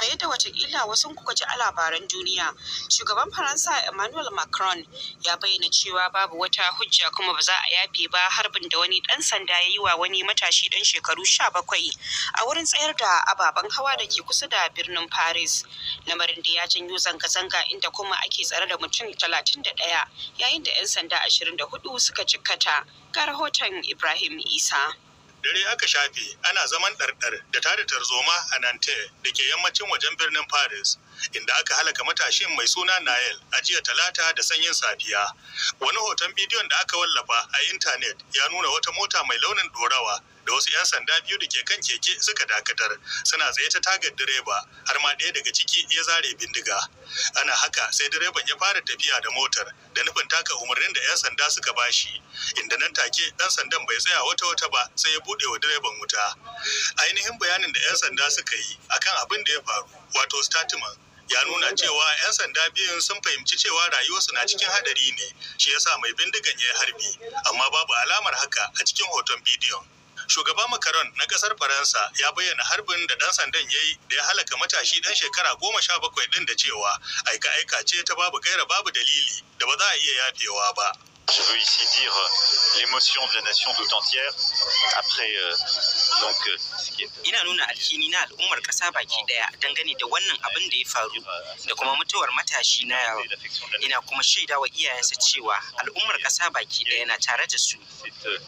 a yadda watakila wasu kuka ji a labaran duniya shugaban faransa emmanuel macron ya bayyana cewa babu wata hujja kuma ba za a yafe ba harbin da wani dan sanda ya yi wa wani matashi dan shekaru sha bakwai a wurin tsayar da ababen hawa da ke kusa da birnin paris lamarin da ya janyo zanga-zanga inda kuma ake tsare da mutum talatin da ɗaya yayin da 'yan sanda ashirin da hudu suka cikkata, ga rahoton ibrahim isa dare aka shafe ana zaman ɗarɗar da tada tarzoma a Nanterre da ke yammacin wajen birnin Paris, inda aka halaka matashin mai suna Nayel a jiya talata da sanyin safiya. Wani hoton bidiyon da aka wallafa a intanet ya nuna wata mota mai launin ɗorawa da wasu 'yan sanda biyu da ke kan keke suka dakatar suna tsaye ta tagar direba har ma ɗaya daga ciki ya zare bindiga ana haka sai direban ya fara tafiya da motar da nufin taka umarnin da 'yan sanda suka bashi inda nan take ɗan sandan bai tsaya wata wata ba sai ya buɗe wa direban wuta ainihin bayanin da 'yan sanda suka yi akan abin da ya faru wato statement ya nuna cewa 'yan sanda biyun sun fahimci cewa rayuwarsu na cikin hadari ne shi yasa mai bindigan ya harbi amma babu alamar haka a cikin hoton bidiyon Shugaba Macron na ƙasar Faransa ya bayyana harbin da ɗan sandan ya yi da ya halaka matashi ɗan shekara goma sha bakwai ɗin da cewa aika-aika ce ta babu gaira babu dalili da ba za a iya yafewa ba. je veux ici dire euh, l'émotion de la nation tout entière après euh, donc euh, ina nuna alhini na al'ummar ƙasa baki daya dangane da wannan abin da ya faru da kuma mutuwar matashi na yaro ina kuma shaida wa iyayensa cewa al'ummar ƙasa baki daya na tare da su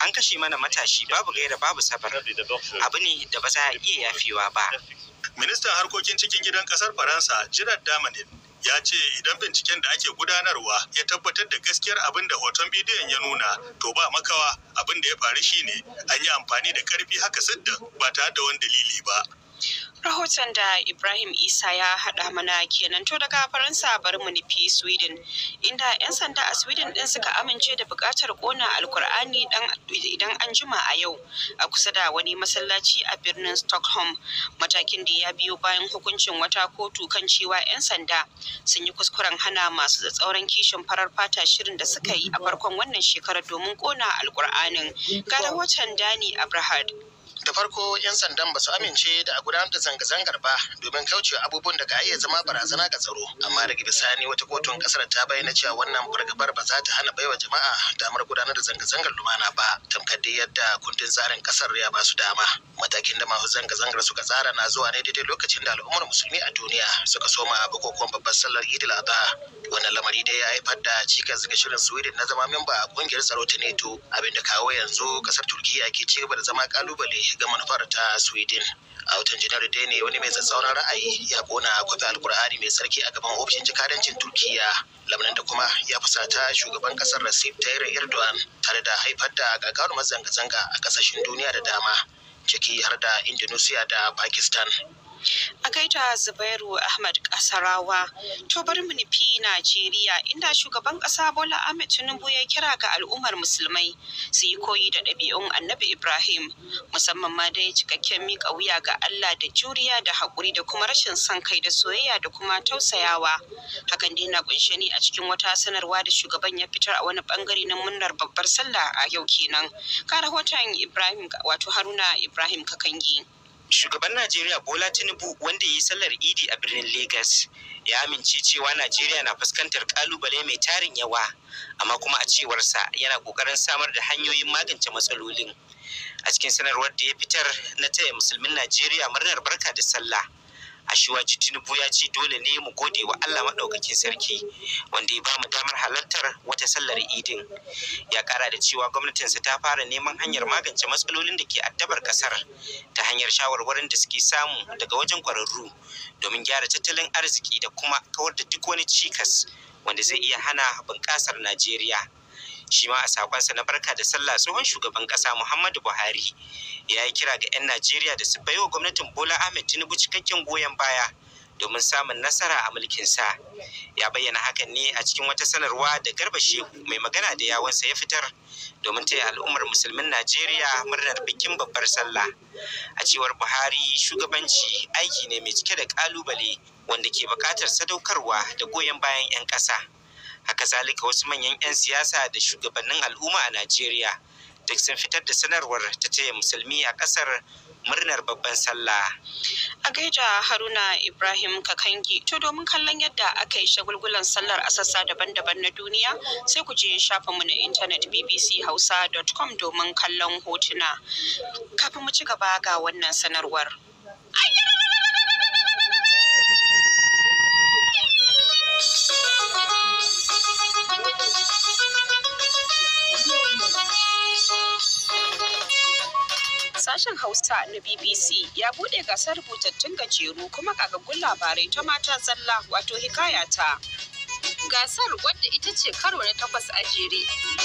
an kashe mana matashi babu gaira babu sabar abu ne da ba za a iya yafewa ba ministan harkokin cikin gidan ƙasar faransa jirar damanin ya ce idan binciken da ake gudanarwa ya tabbatar da gaskiyar abin da hoton bidiyon ya nuna to ba makawa abin da ya faru shine an yi amfani da karfi haka sadda ba tare da wani dalili ba rahoton da ibrahim isa ya haɗa mana kenan to daga faransa bari mu nufi sweden inda 'yan sanda a sweden ɗin suka amince da buƙatar ƙona alkur'ani idan an jima a yau a kusa da wani masallaci a birnin stockholm matakin da ya biyo bayan hukuncin wata kotu kan cewa 'yan sanda sun yi kuskuren hana masu tsauran kishin farar fata shirin da suka yi a farkon wannan shekarar domin ƙona alkur'anin ga rahoton dani abrahad da farko 'yan sandan ba su amince da a gudanar da zanga-zangar ba domin kaucewa abubuwan da ka iya zama barazana ga tsaro amma daga bisani wata kotun kasar ta bayyana cewa wannan fargabar ba za ta hana baiwa jama'a damar gudanar da zanga-zangar lumana ba tamkar da yadda kundin tsarin kasar ya ba su dama matakin da masu zanga-zangar suka tsara na zuwa ne daidai lokacin da al'ummar musulmi a duniya suka soma a bukukuwan babbar sallar idil adha wannan lamari dai ya haifar da cikas ga shirin sweden na zama memba a kungiyar tsaro ta neto abinda kawo yanzu kasar turkiya ke ci gaba da zama kalubale ga manufar ta sweden a watan janairu dai ne wani mai tsatsauran ra'ayi ya kona kwafi alkur'ani mai sarki a gaban ofishin jikadancin turkiya lamunan da kuma ya fusata shugaban kasar recep tayyip erdogan tare da haifar da gagarumar zanga-zanga a kasashen duniya da dama ciki har da indonesia da pakistan a gaida zubairu ahmad kasarawa to bari mu nufi najeriya inda shugaban ƙasa bola ahmed tinubu ya kira ga al'ummar musulmai su yi koyi da ɗabi'un annabi ibrahim musamman ma dai cikakken miƙa wuya ga allah da juriya da haƙuri da kuma rashin son kai da soyayya da kuma tausayawa hakan dai na kunshe ne a cikin wata sanarwa da shugaban ya fitar a wani bangare na murnar babbar sallah a yau kenan ka rahoton ibrahim wato haruna ibrahim kakangi Shugaban Najeriya Bola Tinubu wanda ya yi sallar Idi a birnin Legas ya amince cewa Najeriya na fuskantar kalubale mai tarin yawa amma kuma a cewarsa yana kokarin samar da hanyoyin magance matsalolin. A cikin sanarwar da ya fitar na taya musulmin Najeriya murnar barka da sallah. Ashiwaji Tinubu ya ce dole ne mu gode wa Allah maɗaukakin sarki wanda ya ba mu damar halartar wata sallar idin. Ya ƙara da cewa gwamnatinsa ta fara neman hanyar magance matsalolin da ke addabar ƙasar ta hanyar shawarwarin da suke samu daga wajen ƙwararru domin gyara tattalin arziki da kuma kawar da duk wani cikas wanda zai iya hana bunƙasar Najeriya. Shi ma a sakonsa na barka da sallah tsohon shugaban ƙasa Muhammadu Buhari ya yi kira ga 'yan Najeriya da su baiwa gwamnatin Bola Ahmed Tinubu cikakken goyon baya domin samun nasara a mulkinsa. Ya bayyana hakan ne a cikin wata sanarwa da Garba Shehu mai magana da yawansa ya fitar domin taya al'ummar musulmin Najeriya murnar bikin babbar sallah. A cewar Buhari shugabanci aiki ne mai cike da kalubale wanda ke bukatar sadaukarwa da goyon bayan 'yan ƙasa. Haka zalika wasu manyan 'yan siyasa da shugabannin al'umma a Najeriya. duk sun fitar da sanarwar ta taya musulmi a ƙasar murnar babban sallah. A gaida Haruna Ibrahim Kakangi, to domin kallon yadda aka yi shagulgulan sallar a sassa daban-daban na duniya sai ku je shafinmu na intanet bbchausa.com domin kallon hotuna. Kafin mu ci gaba ga wannan sanarwar. sashen Hausa na BBC ya bude gasar rubutattun gajeru kuma kagaggun labarai ta mata zalla wato hikaya ta. Gasar wadda ita ce karo na takwas a jere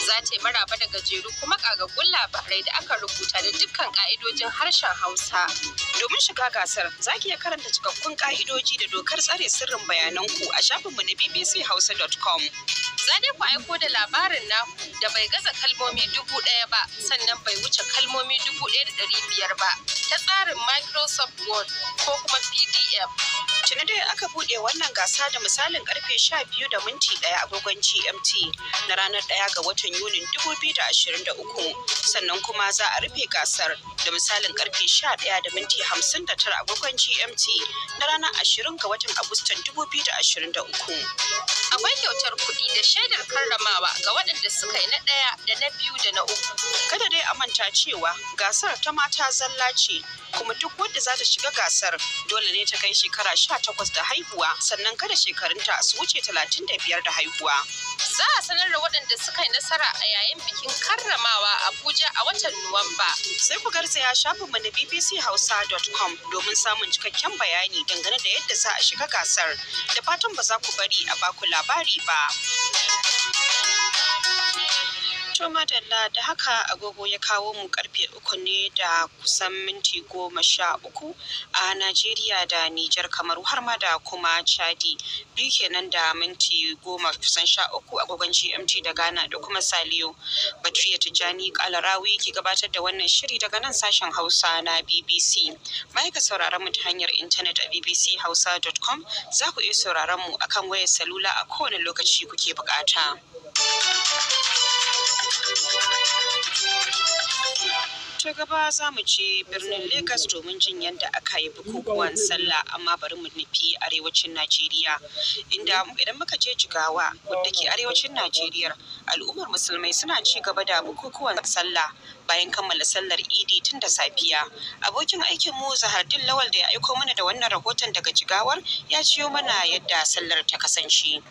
za ta yi maraba da gajeru kuma kagaggun labarai da aka rubuta da dukkan ka'idojin harshen Hausa. Domin shiga gasar za ki iya karanta cikakkun ka'idoji da dokar tsare sirrin bayananku a shafinmu na bbchausa.com. za dai ku aiko da labarin naku da bai gaza kalmomi dubu ɗaya ba sannan bai wuce kalmomi dubu ɗaya da ɗari biyar ba ta tsarin microsoft word ko kuma pdf tuni dai aka buɗe wannan gasa da misalin karfe sha biyu da minti ɗaya agogon gmt na ranar ɗaya ga watan yunin dubu biyu da ashirin da uku sannan kuma za a rufe gasar da misalin karfe sha ɗaya da minti hamsin da tara agogon gmt na ranar ashirin ga watan agustan dubu biyu da ashirin da uku akwai kyautar kuɗi da shaidar karramawa ga waɗanda suka yi na ɗaya da na biyu da na uku kada dai a manta cewa gasar ta mata zalla ce kuma duk wadda za ta shiga gasar dole ne ta kai shekara sha takwas da haihuwa sannan kada shekarunta su wuce talatin da biyar da haihuwa. Za a sanar da waɗanda suka yi nasara a yayin bikin karramawa Abuja a watan Nuwamba. Sai ku garzaya shafinmu na bbchausa.com domin samun cikakken bayani dangane da yadda za a shiga gasar. Da fatan ba za ku bari a baku labari ba. wato madalla da haka agogo ya kawo mu karfe uku ne da kusan minti goma sha uku a Najeriya da Nijar kamaru har ma da kuma Chadi biyu kenan da minti goma kusan sha uku agogon GMT da Ghana da kuma Saliyo. Baturiya Tijjani Kalarawi ke gabatar da wannan shiri daga nan sashen Hausa na BBC. Baya ga sauraron mu ta hanyar intanet a bbchausa.com za ku iya sauraron mu akan wayar salula a kowane lokaci kuke bukata. ta gaba za mu je birnin Legas domin jin yadda aka yi bukukuwan sallah amma bari mu nufi arewacin Najeriya inda idan muka je jigawa wadda ke arewacin Najeriya al'ummar musulmai suna ci gaba da bukukuwan sallah bayan kammala sallar idi tun da safiya abokin aikin mu zahardin lawal da ya aiko mana da wannan rahoton daga jigawar ya ciyo mana yadda sallar ta kasance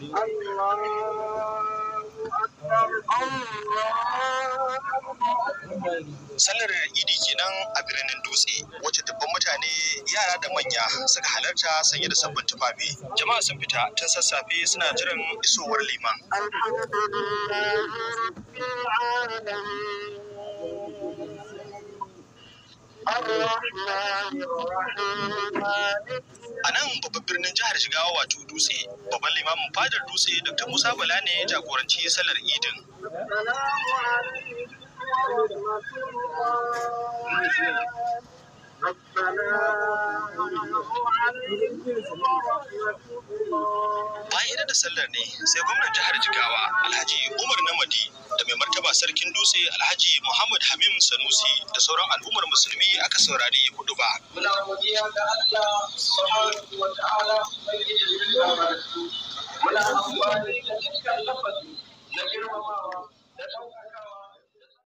sallar idi kenan a birnin dutse wacce dubban mutane yara da manya suka halarta sanye da sabbin tufafi jama'a sun fita tun sassafe suna jiran isowar liman الرحمن الرحيم مالك A nan babban birnin jihar Jigawa wato Dutse, babban limamin fadar Dutse Dr. Musa Bala ne ya jagoranci salar Idin. Bayan da sallar ne sai gwamnan jihar Jigawa Alhaji Umar Namadi da a sarkin dutse alhaji muhammad hamim sanusi da sauran al'ummar musulmi aka saurari hudu ba muna allah da na girmamawa